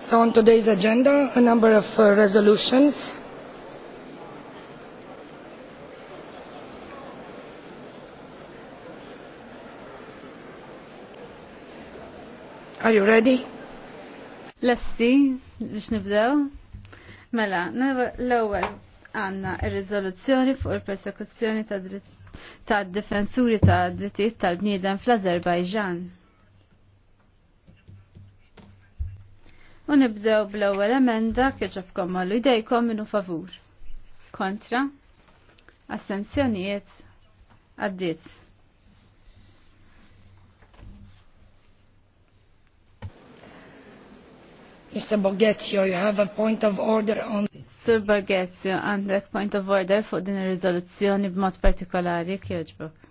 So on today's agenda, a number of uh, resolutions. Are you ready? Lesti, biex nibdew. Mela, l-ewwel għandna ir-riżoluzzjoni fuq il-persekuzzjoni ta' tad-difensuri ta' drittijiet tal-bniedem fl-Azerbajġan. U nibdew bl-ewwel emenda kieġobkom idejkom jdejkom minnu favur. Kontra? Assenzjonijiet? Għaddiet. Mr. Borghezio, you have a point of order on... Sir Borghezio, għandek point of order fuq din ir-riżoluzzjoni b'mod partikolari kieġbok.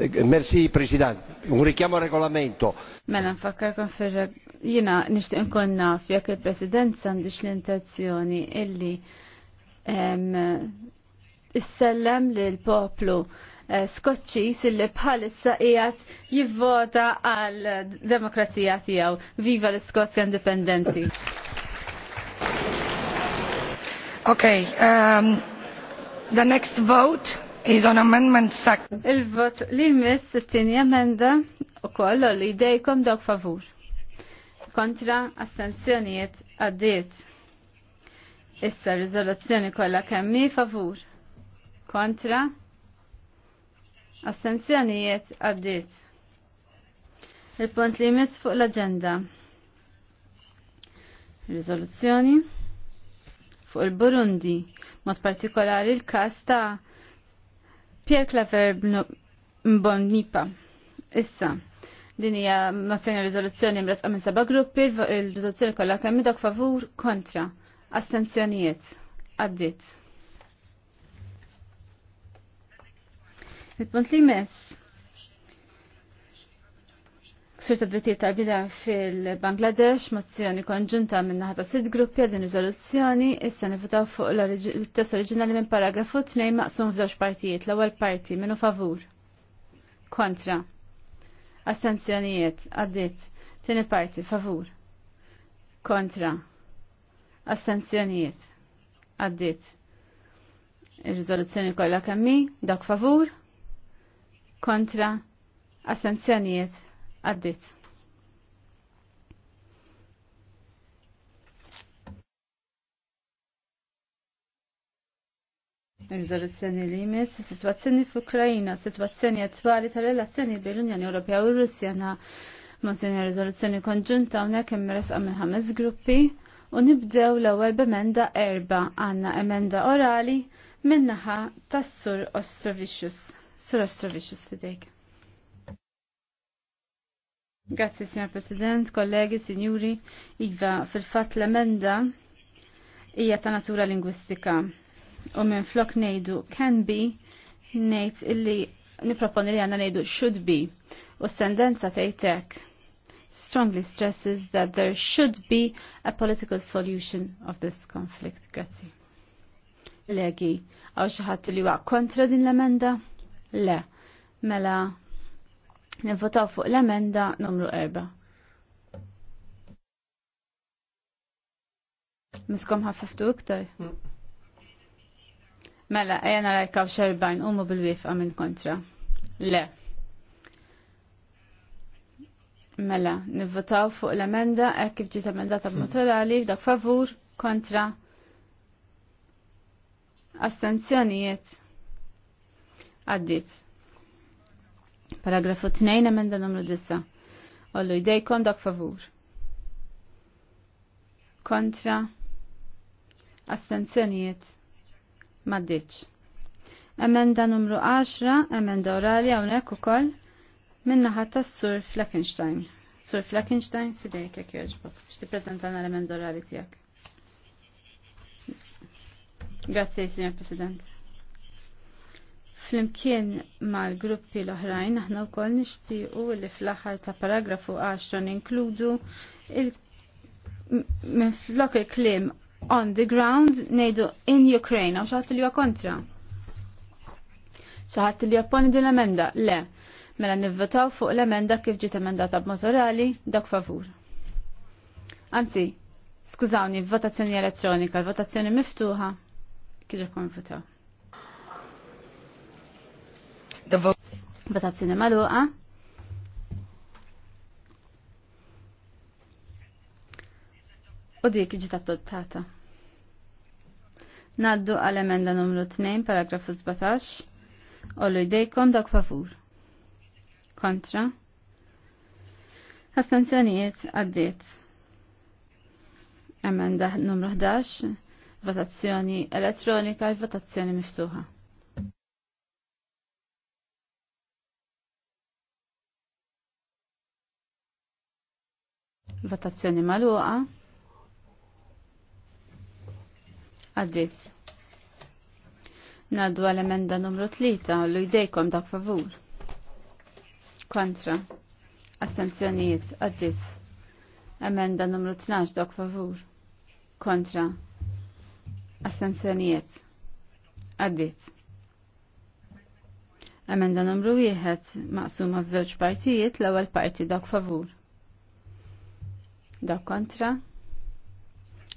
Eh, merci, President. Un richiamo al regolamento. Mela nfakkarkom fil jina nishtiq nkun naf jekk il-Presidenza għandix l-intenzjoni illi issellem l poplu eh, Skoċċi bħal bħalissa qiegħed jivvota għal demokrazija tiegħu. Viva l-Skozja Indipendenti. Ok, um, the next vote is on amendment sack. Il-vot li miss tini emenda u kollu li dejkom dawk favur kontra astenzjonijiet għaddiet. Issa rizoluzzjoni kollha kemm favur kontra astenzjonijiet għaddiet. Il-punt li jmiss fuq l-agenda. Rizoluzzjoni fuq il-Burundi, mod partikolari l-kas ta' Pierre Claver Mbonnipa. Issa, Din hija mozzjoni riżoluzzjoni mresqa minn seba' gruppi, il-riżoluzzjoni kollha kemm dak favur kontra. Astenzjonijiet. Għaddiet. Il-punt li mess. Ksur ta' drittijiet ta' bida fil-Bangladesh, mozzjoni konġunta minn naħata sitt gruppi għal din riżoluzzjoni, issa nifutaw fuq il-test oriġinali minn paragrafu 2 maqsum f'żewġ partijiet, l-ewwel parti minnu favur. Kontra. Astenzjonijiet għaddit. Tieni parti favur. Kontra. Astenzjonijiet għaddit. Ir-riżoluzzjoni kollha kemm dak favur. Kontra. Astenzjonijiet għaddit. Rizoluzzjoni li jmiss, situazzjoni f'Ukrajina, situazzjoni attwali tal-relazzjoni bil-Unjoni Ewropea u Russja na Monsenja rizoluzzjoni konġunta unek imres minn ħames gruppi u nibdew l-ewwel b'emenda erba għandna emenda orali minnaħa tas-Sur Ostrovicius. Sur Ostrovicius fidejk. Grazzi, Signor President, kollegi, Sinjuri, Iva, fil-fat l-emenda hija ta' natura lingwistika u minn flok nejdu can be nejt illi niproponi li għanna nejdu should be u s-sendenza tejtek strongly stresses that there should be a political solution of this conflict. Grazzi. Legi, għaw xaħat li waq kontra din l-emenda? Le, mela nivvotaw fuq l-emenda numru 4. Miskom ħaffiftu iktar? Mm. Mela, jena lajkaw xerbajn, umu bil-wifqa minn kontra. Le. Mela, nivvotaw fuq l-emenda, ek kif ġiet emendata hmm. motorali, dak favur, kontra. Astenzjonijiet. Għaddit. Paragrafu 2, emenda numru 9. Ollu jdejkom dak favur. Kontra. Astenzjonijiet maddiċ. Emenda numru 10, emenda orali hawnhekk ukoll minnaħa tas-Sur Fleckenstein. Sur Fleckenstein fidejk jekk jogħġbok. X'tippreżentana l-emenda orali tiegħek. Grazie, signor President. Flimkien mal-gruppi l-oħrajn, aħna wkoll nixtiequ li fl-aħħar ta' paragrafu 10 ninkludu il il-klim on the ground nejdu in Ukraine għaw xaħat li kontra. Xaħat li jopponi din l-emenda? Le. Mela nivvotaw fuq l-emenda kif ġiet emendata b'motorali dak favur. Anzi, skużawni, votazzjoni elettronika, votazzjoni miftuħa, kħiġa kon votaw. Votazzjoni maluqa. u dik ġiet adottata. Naddu għal emenda numru 2 paragrafu 17 Ollu jdejkom dak favur. Kontra. Attenzjonijiet għaddiet. Emenda numru 11 votazzjoni elettronika e votazzjoni miftuħa. votazzjoni maluqa Għaddit. Naddu għal-emenda numru 3, għallu jdejkom dak favur. Kontra. Astenzjonijiet, għaddit. Emenda numru 12, dak favur. Kontra. Astenzjonijiet, għaddit. Emenda numru 1, maqsuma f'żewġ partijiet, l-ewwel parti dak favur. Dak kontra.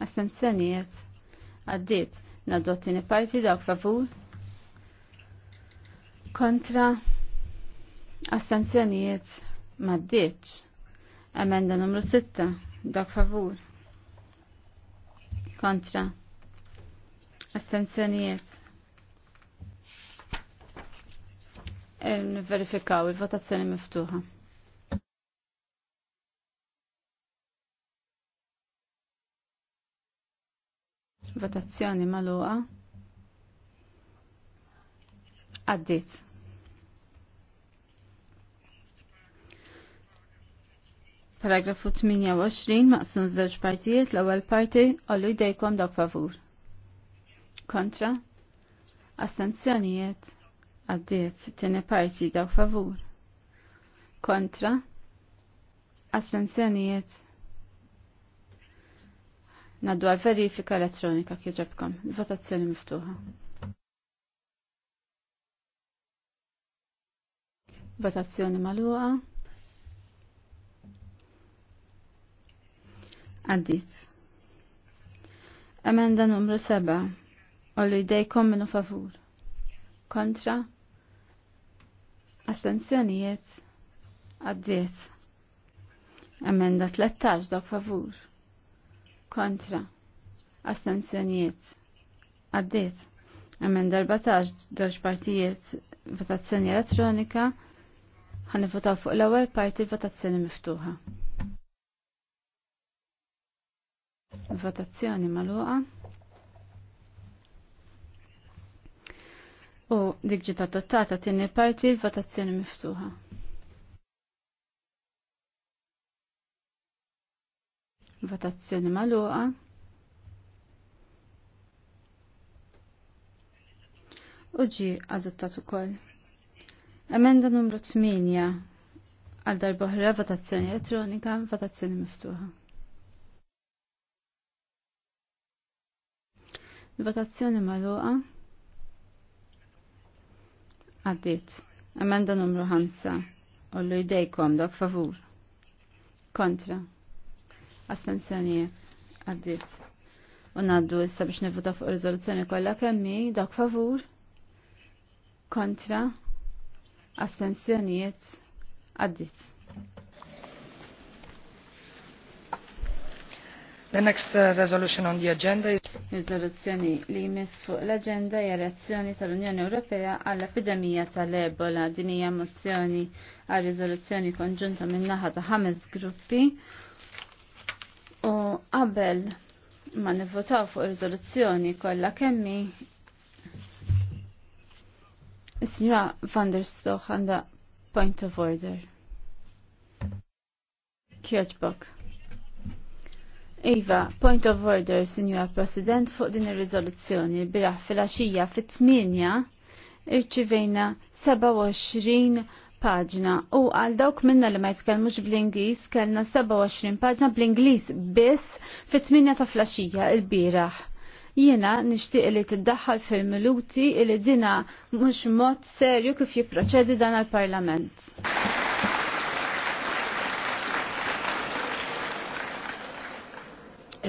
Astenzjonijiet, għaddit nadottini parti dawk favur kontra astanzjonijiet maddiċ emenda numru 6 dawk favur kontra astanzjonijiet eh, verifikaw il-votazzjoni miftuħa. Votazzjoni maluqa. Għaddit. Paragrafu 28 maqsum żewġ partijiet l-ewwel parti ollu jdejkom daw favur. Kontra? Astenzjonijiet? Għaddiet tieni parti daw favur. Kontra? Astenzjonijiet? Naddu għal verifika elettronika kieġabkom. Votazzjoni miftuħa. Votazzjoni maluqa. Għaddit. Emenda numru 7. Ollu jdejkom minnu favur. Kontra. Astenzjonijiet. Għaddit. Emenda 13 dak favur kontra astenzjonijiet għaddiet. Emenda 14 żewġ partijiet votazzjoni elettronika votaw fuq l-ewwel parti votazzjoni miftuħa. Votazzjoni magħluqa. U dik ġiet adottata tieni parti votazzjoni miftuħa. Votazzjoni maluqa. Uġi adottat ukoll. Emenda numru 8 għal darboħra votazzjoni elettronika, votazzjoni miftuħa. Votazzjoni maluqa. Għaddit. Emenda numru 5. Ullu jdejkom dok favur. Kontra astenzjonijiet għaddit. U naddu issa biex nifuta fuq riżoluzzjoni kollha kemmi dak favur kontra astenzjonijiet għaddit. The next uh, resolution on the agenda is Riżoluzzjoni li jmiss fuq l-agenda hija reazzjoni tal-Unjoni Ewropea għall epidemija tal-Ebola din hija mozzjoni għal riżoluzzjoni konġunta min-naħa ta' ħames gruppi Qabel ma nivvotaw fuq rizoluzzjoni kollha kemmi Is-Sinjora van der Stoch għandha point of order. Kjoċbok. Iva, point of order, Signora President, fuq din ir-riżoluzzjoni biraħ fil-għaxija fit-8 irċivejna 27 paġna u għal dawk minna li ma jitkellmux bl-Ingliż kellna 27 paġna bl-Ingliż biss fit-8 ta' flaxija il-bieraħ. Jiena nixtieq li tiddaħħal fil-minuti li dina mhux mod serju kif jipproċedi dan għal-Parlament.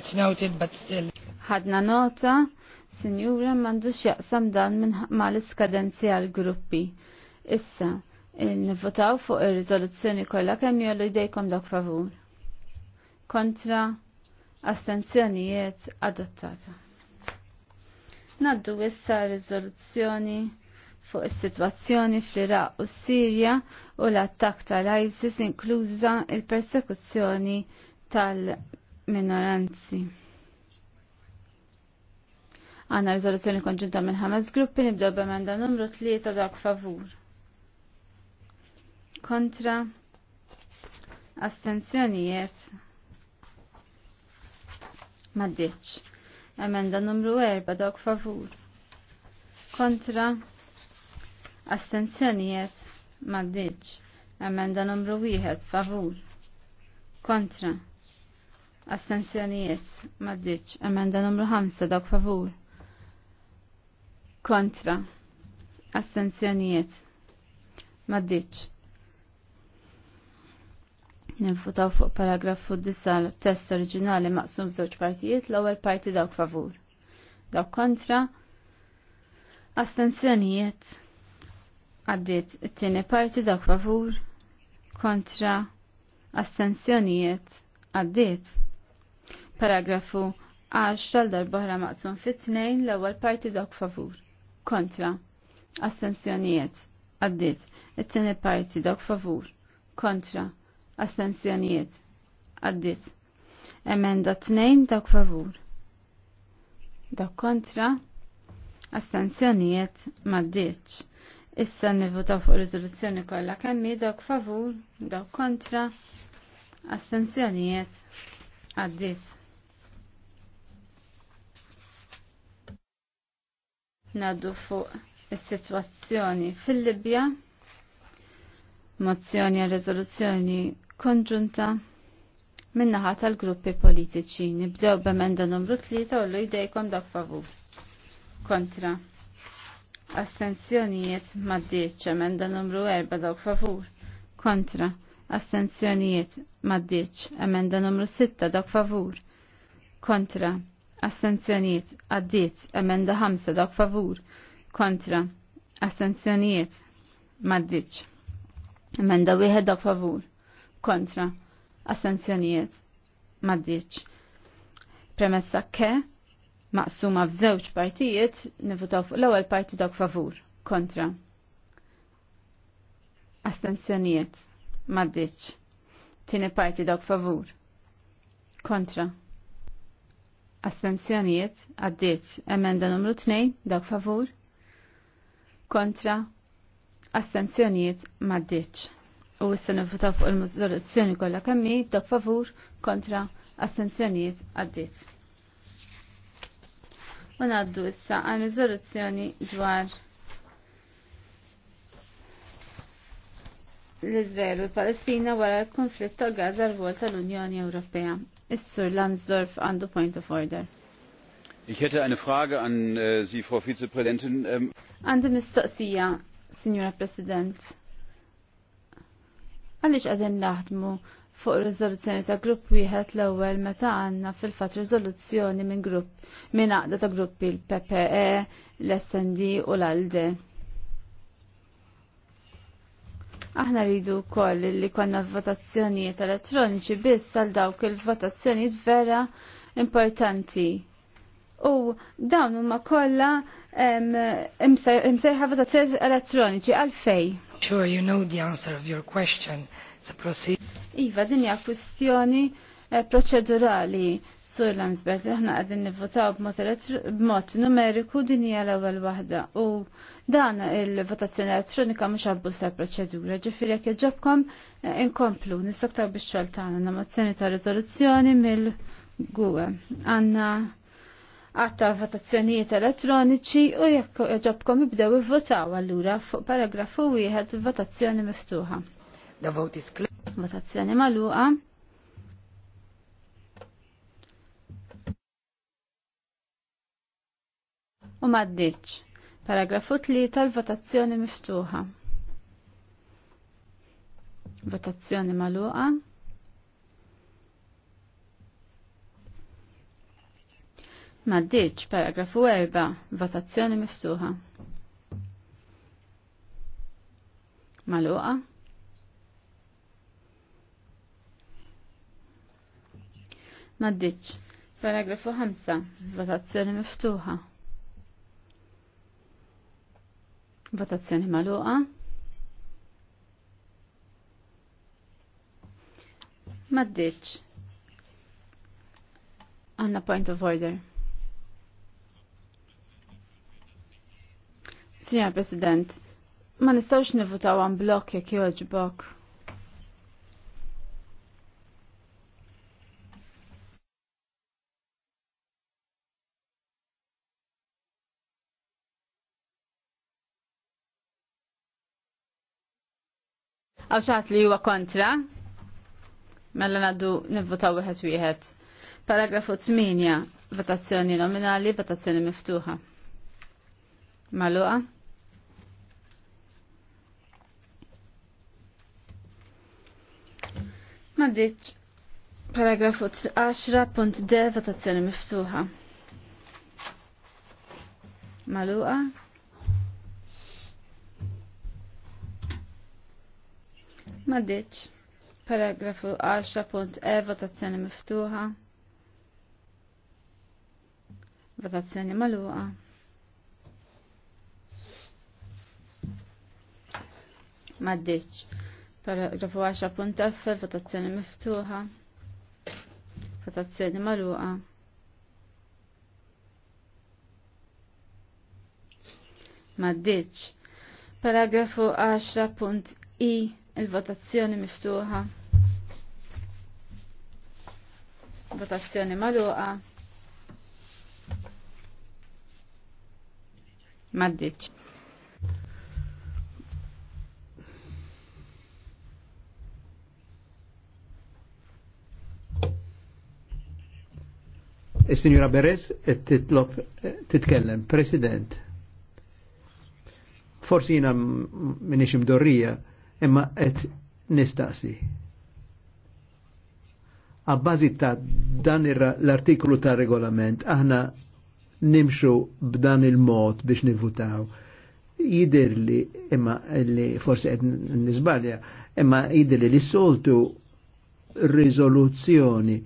It's noted but still. Ħadna nota, Sinjura m'għandux jaqsam dan minn mal-iskadenzi għal-gruppi. Issa, nivvotaw fuq ir-riżoluzzjoni kollha kemm jollu jdejkom dak favur. Kontra astenzjonijiet adottata. Naddu issa riżoluzzjoni fuq is-sitwazzjoni fl-Iraq u s-Sirja u l-attak tal-ISIS inkluża il-persekuzzjoni tal-minoranzi. Għanna riżoluzzjoni konġunta minn ħames gruppi nibdew b'emenda numru tlieta dak favur kontra astenzjonijiet maddiċ. Emenda numru 4 dawk favur kontra astenzjonijiet maddiċ. Emenda numru 1 favur kontra Astenzjonijiet, maddiċ, emenda numru 5, dawk favur. Kontra, astenzjonijiet, maddiċ, Nifutaw fuq paragrafu l test oriġinali maqsum żewġ partijiet l-ewwel parti dawk favur. Dawk kontra. Astenzjonijiet. Għaddiet it-tieni parti dawk favur. Kontra. Astenzjonijiet. Għaddiet. Paragrafu 10 l-darbohra maqsum fit-tnejn l-ewwel parti dawk favur. Kontra. Astenzjonijiet. Għaddiet. It-tieni parti dawk favur. Kontra Astenzjonijiet. Għaddit. Emenda 2 dak favur. Dak kontra. Astenzjonijiet maddiċ. Issa nivvotaw fuq riżoluzzjoni kollha kemm dak favur, dak kontra, astenzjonijiet għaddiet. Naddu fuq is-sitwazzjoni fil-Libja, mozzjoni għal riżoluzzjoni konġunta minnaħa tal-gruppi politiċi. Nibdew b'emenda numru 3 u l-idejkom da' favur. Kontra. Astenzjonijiet maddiċ emenda numru 4 da' favur. Kontra. Astenzjonijiet maddiċ emenda numru 6 da' favur. Kontra. Astenzjonijiet għaddiċ emenda 5 da' favur. Kontra. Astenzjonijiet maddiċ. Emenda 1 da' favur kontra assenzjonijiet maddiċ. Premessa ke maqsuma f'żewġ partijiet nivutaw fuq l-ewwel parti dawk favur kontra astenzjonijiet maddiċ. Tieni parti dawk favur kontra astenzjonijiet għaddiet emenda numru 2 dawk favur kontra astenzjonijiet maddiċ u issa nivvotaw fuq il-mozzjoni kollha kemm hi favur kontra astenzjonijiet għaddit. U ngħaddu issa għal riżoluzzjoni dwar l-Izrael u l-Palestina wara l-konflitt ta' Gaza l tal-Unjoni Ewropea. Is-Sur Lamsdorf għandu point of order. Ich hätte eine Frage an äh, Sie, Frau Vizepräsidentin. Ähm Għandi mistoqsija, Signora President. Għaliex għadin naħdmu fuq riżoluzzjoni ta' grupp wieħed l-ewwel meta għandna fil-fatt riżoluzzjoni minn grupp minn għaqda ta' gruppi l-PPE, l-SND u l-ALDE. Aħna rridu wkoll li konna votazzjonijiet elettroniċi biss għal dawk il-votazzjonijiet vera importanti U dawn huma kollha imsejħa votazzjoni elettroniċi għalfej. Sure you know the answer of your question. Iva, din hija kwistjoni eh, proċedurali sur l-amsbert li ħna għadin nivvotaw b'mod numeriku din hija l-ewwel waħda u dan il-votazzjoni elettronika mhux abbuż tal-proċedura, ġifieri jekk iġobkom eh, inkomplu nistgħu biex xogħol tagħna mozzjoni ta' riżoluzzjoni mill-gwe. Anna għatta votazzjonijiet elettroniċi u jekk ġobkom ibdew ivvotaw allura fuq paragrafu wieħed votazzjoni miftuħa. The vote is Votazzjoni magħluqa. U maddiċ. Paragrafu 3 l-votazzjoni miftuħa. Votazzjoni magħluqa. Maddiċ, paragrafu 4, votazzjoni miftuħa. Maluqa. Maddiċ, paragrafu 5, votazzjoni miftuħa. Votazzjoni maluqa. Maddiċ. Għanna point of order. Signor President, ma nistawx nivutaw għan blok jek joġbok. Għawxat li huwa kontra, mella naddu nivvotaw wieħed wieħed. Paragrafu 8, votazzjoni nominali, votazzjoni miftuħa. Maluqa? Maddiċ paragrafu 10.d votazzjoni miftuħa. Maluqa. Maddiċ paragrafu 10.e votazzjoni miftuħa. Votazzjoni maluqa. Maddiċ. Paragrafu 10.f, votazzjoni miftuħa. Votazzjoni maluqa. Maddiċ. Paragrafu 10.i, il-votazzjoni miftuħa. Votazzjoni maluqa. Maddiċ. Signora sinjura Beres titlop titkellem. President, forsi jina minix imdorrija, imma qed nistaqsi. Abbazi ta' dan l-artiklu ta' regolament, aħna nimxu b'dan il-mod biex nivutaw. Jidirli, imma li forsi et nisbalja, imma jidirli li soltu rizoluzzjoni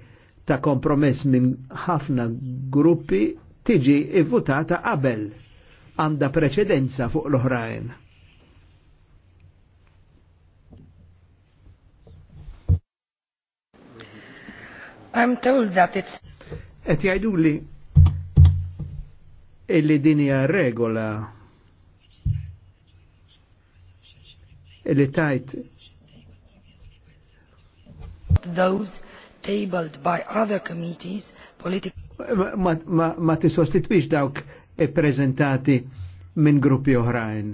ta' kompromess minn ħafna gruppi tiġi votata qabel għanda preċedenza fuq l-oħrajn. I'm told that it's Et jajdu li illi dinja regola illi tajt those tabled by other committees political ma, ma, ma dawk e minn gruppi oħrajn.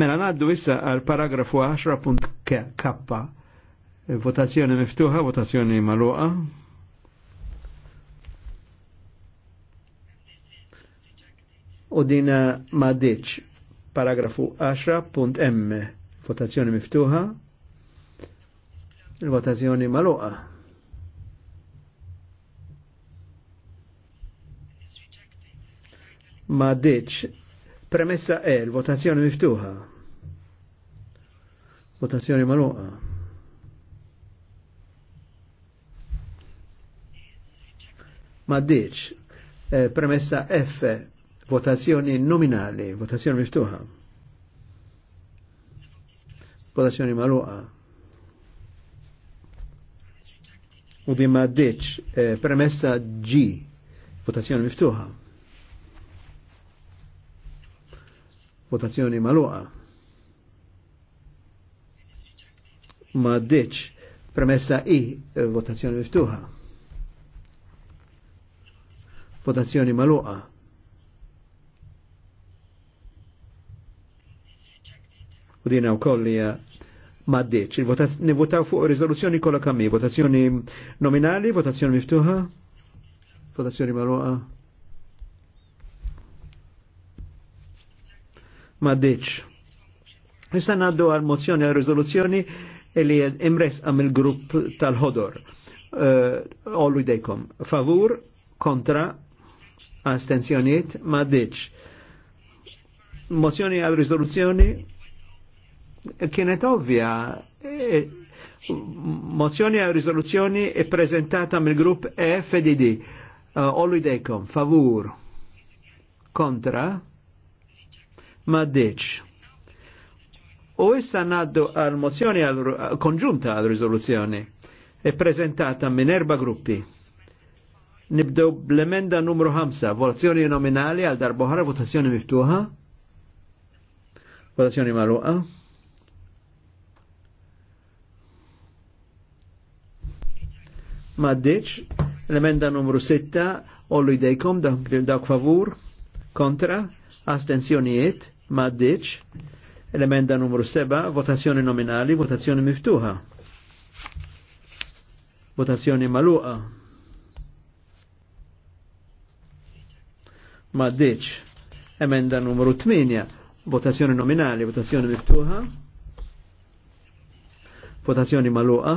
Mela naddu issa għal paragrafu 10.k votazzjoni miftuħa, votazzjoni maluqa. U dina maddiċ paragrafu 10.m votazzjoni miftuħa, votazzjoni maluqa. ma ditx. Premessa E, votazzjoni miftuħa. Votazzjoni maluqa. Ma ditx. E, premessa F, votazzjoni nominali, votazzjoni miftuħa. Votazzjoni maluqa. U di ma ditx. E, premessa G, votazzjoni miftuħa. Votazzjoni maluqa. Ma ddiċ. Premessa I, eh, votazzjoni miftuħa. Votazzjoni maluqa. U dina u kollija ma ddiċ. Nivotaw fuq rizoluzzjoni kolla kammi, votazzjoni nominali, votazzjoni miftuħa, votazzjoni maluqa. ma ditx. Issa naddu għal mozzjoni għal rizoluzzjoni li imres għam il-grupp tal-ħodor. Eh, Ollu uh, dejkom. Favur, kontra, astenzjoniet, ma ditx. Mozzjoni għal rizoluzzjoni kienet ovvja. Eh, mozzjoni għal rizoluzzjoni e prezentata mill-grupp EFDD. Uh, Ollu dejkom. Favur, kontra, ma deċ. U issa naddu għal mozzjoni għal konġunta għal rizoluzzjoni e prezentata minn erba gruppi. Nibdew bl-emenda numru 5, votazzjoni nominali għal darboħra votazzjoni miftuħa. Votazzjoni maluqa. Maddiċ, l-emenda numru 6, ollu idejkom dawk favur, kontra, astenzjonijiet, ma l-emenda numru 7, votazzjoni nominali, votazzjoni miftuħa. Votazzjoni maluqa. Maddiċ, emenda numru 8, votazzjoni nominali, votazzjoni miftuħa. Votazzjoni maluqa.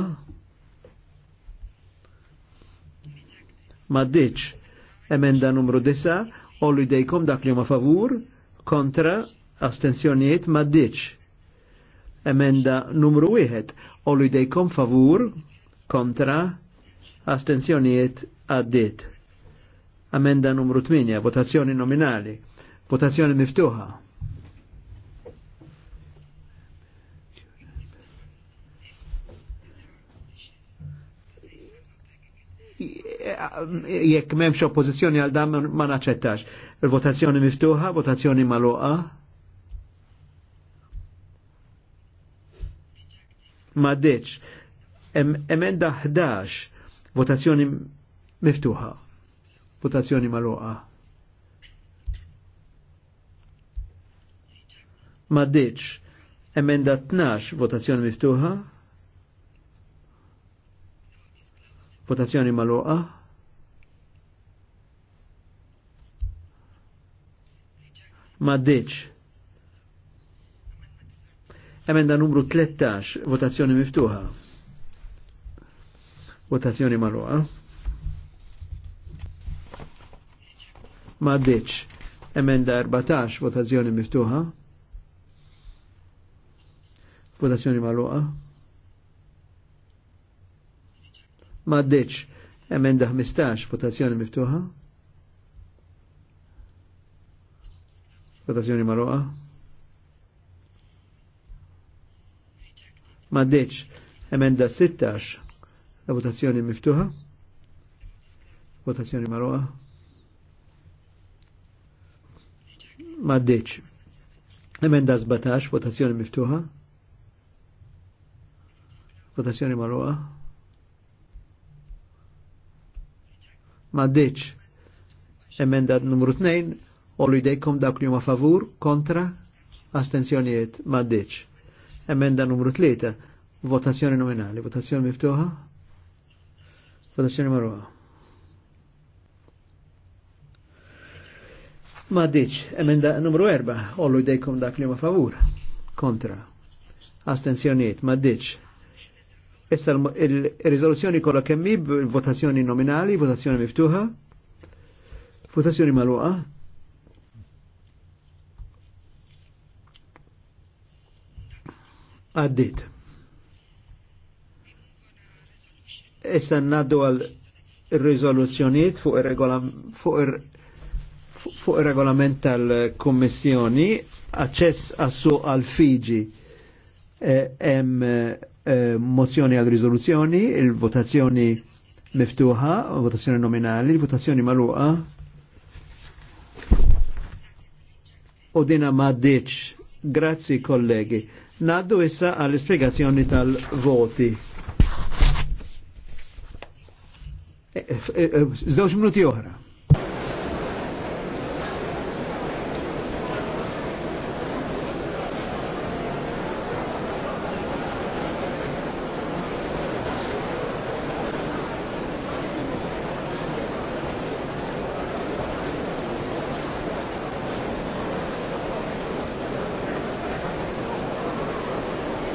Maddiċ, emenda numru 9, ollu dejkom dak li huma favur, kontra astenzjonijiet ma ddiċ. Emenda numru 1, olu jdejkom favur, kontra, astenzjonijiet għaddit. Amenda numru 8, votazzjoni nominali, votazzjoni miftuħa. jekk memx oppozizjoni għal dam ma naċċettax. Il-votazzjoni miftuħa, votazzjoni maluqa. ma deċ. emenda 11, votazzjoni miftuħa, votazzjoni maluqa. Ma deċ. Emenda 12, votazzjoni miftuħa, votazzjoni maluqa. Ma deċ. Emenda numru 13, votazzjoni miftuħa. Votazzjoni marruqa. Ma Emenda 14, votazzjoni miftuħa. Votazzjoni marruqa. Ma ddeċ. Emenda 15, votazzjoni miftuħa. Votazzjoni marruqa. ma deċ. Emenda 16, la votazzjoni miftuħa, votazzjoni marwa ma deċ. Emenda 17, votazzjoni miftuħa, votazzjoni marwa ma deċ. Emenda numru 2, olu jdejkom dak li ma favur, kontra, astenzjonijiet, ma deċ Emenda numru 3. Votazzjoni nominali. Votazzjoni miftuħa. Votazzjoni marruħa. Ma diċ, emenda numru 4, ollu idejkom dak li ma favur, kontra, astensjoniet, ma diċ. Issa il-rizoluzzjoni kolla kemmib, votazzjoni nominali, votazzjoni miftuħa, votazzjoni maluqa, Għaddit. Issa naddu għal rizoluzzjoniet fuq il-regolament fu tal-Kommissjoni aċċess għassu għal Fiji hemm e, e, mozzjoni għal rizoluzzjoni, il-votazzjoni miftuħa, votazzjoni nominali, votazzjoni maluqa. U dina ma' Grazzi kollegi. Naddu issa għall-ispiegazzjoni tal-voti. Eh, eh, eh, Zdawx minuti oħra.